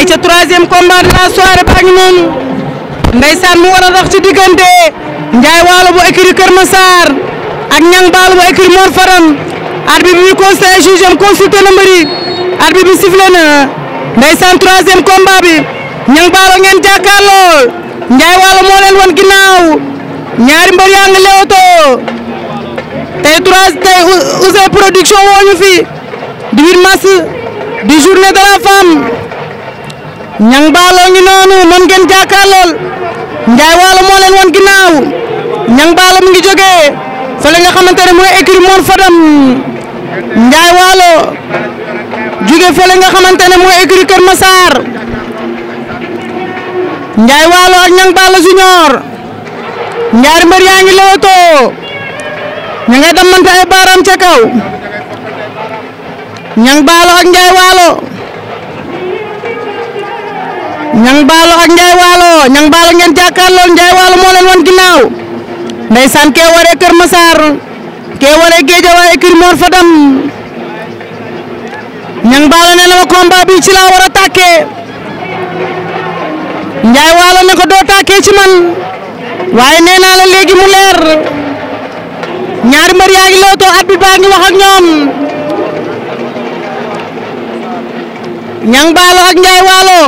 ay ca e combat de la soirée pak ngi ndaysan mu wara dox ci diggante ndjay walu bu écurie Kër sar ak ñang balu bu écurie Mor Faram arbitre bi conseil juge am consulter na mari arbitre bi sifflé na 3e combat bi ñang balu ngeen jàkkaarloo ndjay walu mo leen wan ginaaw ñaari mbër yaang ngi tay 3 tay tey production woo ñu fi 18 mars di journée de la femme ñang balo ngi nonu moom ngeen jàkkaarlool njaay waalo mo leen won ginnaaw ñang balo mu ngi fa la nga xamantene moy mooy écrit moon fadam njaay joge fa la nga xamantene moy mooy écrit kër masaar njaay ak ñang balo junior ñaar mbër yaangi ngi ñinga dem man ay kaw ñang balo ak ñang balo ak kan njaay walo ñang balo ngeen jàkkaarloo njaay waalo moo leen wan ke waré keur waree ke waré kee waree géejawaay mor fa dam ñang baalo ne la combat bi ci la wara a tàkkee walo ne ko do tàkkee ci man waye nee la léegi mu leer ñaari mar loto wax ak ñom ñang balo ak kan walo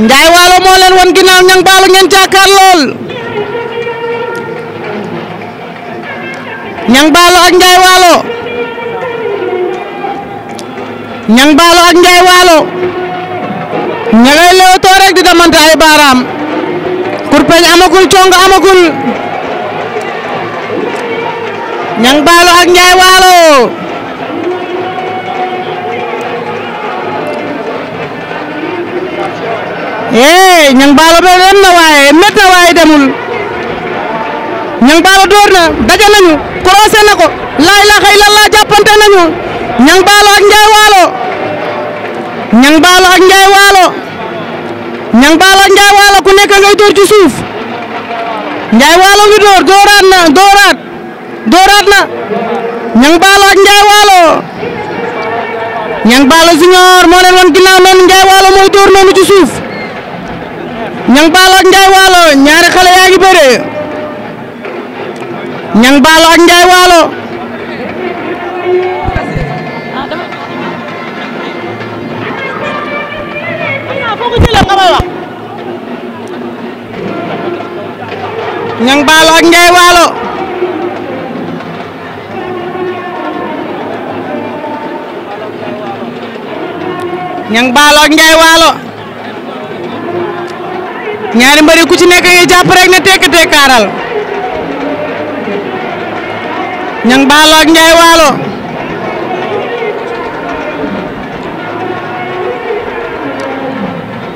Njaay Waalo moo leen won ginnaaw ñang baalu ngeen jàkkaar lool ñang baalu ak Njaay Waalo ñang baalu ak Njaay Waalo ña ngay leewtoo rek di demante ay baaraam pour peñ amagul cong amagul ñang baalu ak Njaay Waalo eh ñang baaba doon dem na waaye mét waaye demul ñang baaba door na daje nañu croisé na ko laa ilaaha illallah jàppante nañu ñang baalo ak njaay ak njaay waalo ñang baalo ak njaay waalo ku nekk ngay door ci suuf njaay waalo ngi door dooraat na dooraat dooraat na ñang baalo ak njaay waalo ñang baalo junior moo leen wan ginnaaw njaay waalo mooy door noonu ci ñang balo ak njaay waalo ñaari xale yaa ngi bëre ñang baalo ak njaay waalo ñang baalo ak njaay waalo ñang baalo ak njaay ñaari mbari ku ci nekk ngay ya japp rek ne tekk karal ñang balo ak ñay walo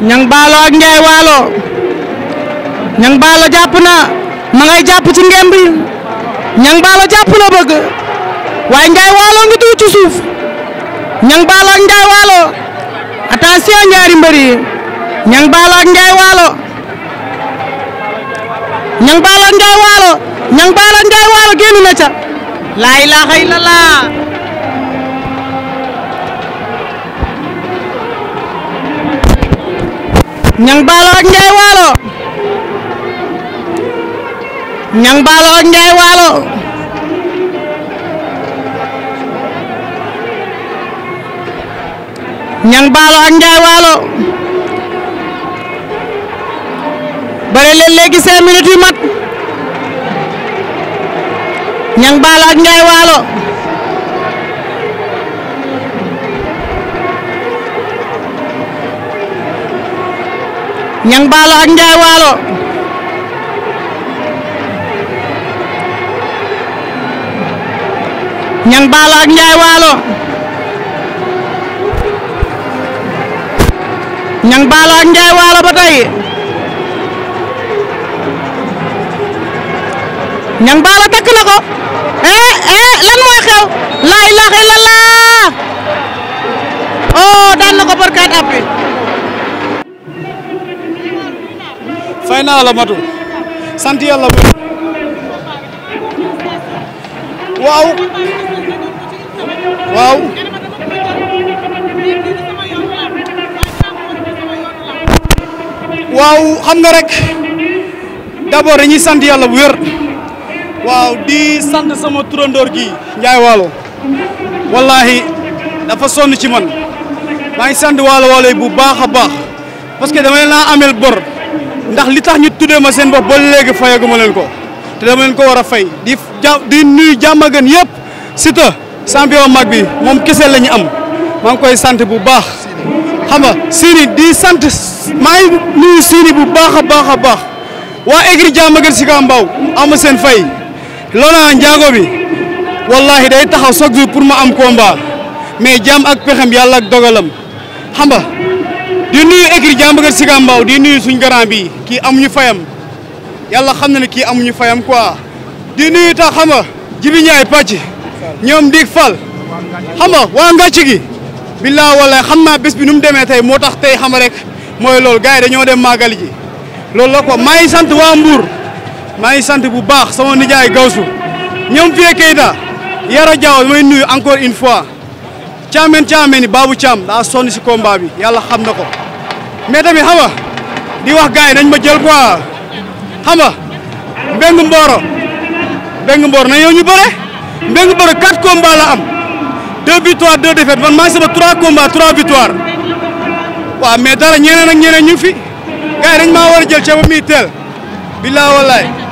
ñang balo ak ñay walo ñang balo japp na ma ngay japp ci ngemb yi ñang balo japp la bëgg way njaay walo ngi tuuti ci suuf ñang balo ak ñay walo attention ñaari mbari ñang balo ak ñay walo ñang baala njaay waalo ñang baala njaay waalo génn na ca laa ilaaha ñang baalo ak njaay waalo ñang baalo ak njaay waalo bare leen léegi cinq minutes yu mat ñang baalo ak njaay waalo ñang baalo ak njaay waalo ñang baalo ak njaay waalo ñang baalo ak njaay waalo ba tey ñang bala tak nako eh eh lan moy xew la ilaha illallah oh dan nako barkat api. fayna la matu santi yalla bu wow, Wow, waaw xam nga rek d'abord dañuy sante yalla bu wër waaw di sant sama turandor gi ñay Waalo wallahi dafa son ci man ma ngi sant waalo waalo bu baax baax parce que dama la amel bor ndax li tax ñu tuddé ma seen bop ba légui fayaguma len ko té dama len ko wara fay di ja di nuyu jamagan yëpp Siteu champion mag bi mom kessé lañu am ma ngi koy sant bu baax xam nga Sini di sant ma ngi nuy Sini bu baax a baax wa égri jamagan Aigri jàmmagan si am seen fay. Laurent Ndiago bi wallahi day taxaw chaque jour pour ma am combat mais jaam ak pexem yàlla ak dogalam xam nga di nuyu écrit jàmbagat Sika Mbao suñ grand bi kii amuñu fayam yàlla xam na ne kii amuñu fayam quoi di nuyu tax xam nga Jibi ñoom Dieg Fall xam nga waa ngàcc gi billaa wala xam naa bés bi nu mu demee tey moo tax tey xam rek mooy loolu gars yi dañoo dem màggal ji loolu la ko maa sant waa Mbour may sante bu baax sama nijaay Gawsu ñom fi Vieux da Yara Diaw may nuyu encore une fois chamen chamen babu cham da sonni ci combat bi yalla xam nako mais tamit xama di wax gaay yi nañ ma jël quoi xama beng Mboro beng Mboro na yow ñu bëre beng Mboro 4 combat la am 2 victoires 2 défaites man may sama 3 combats 3 victoires wa mais dara ñeneen ak ñeneen ñu fi gaay dañ ma wara jël ci bu mi tel billah wallahi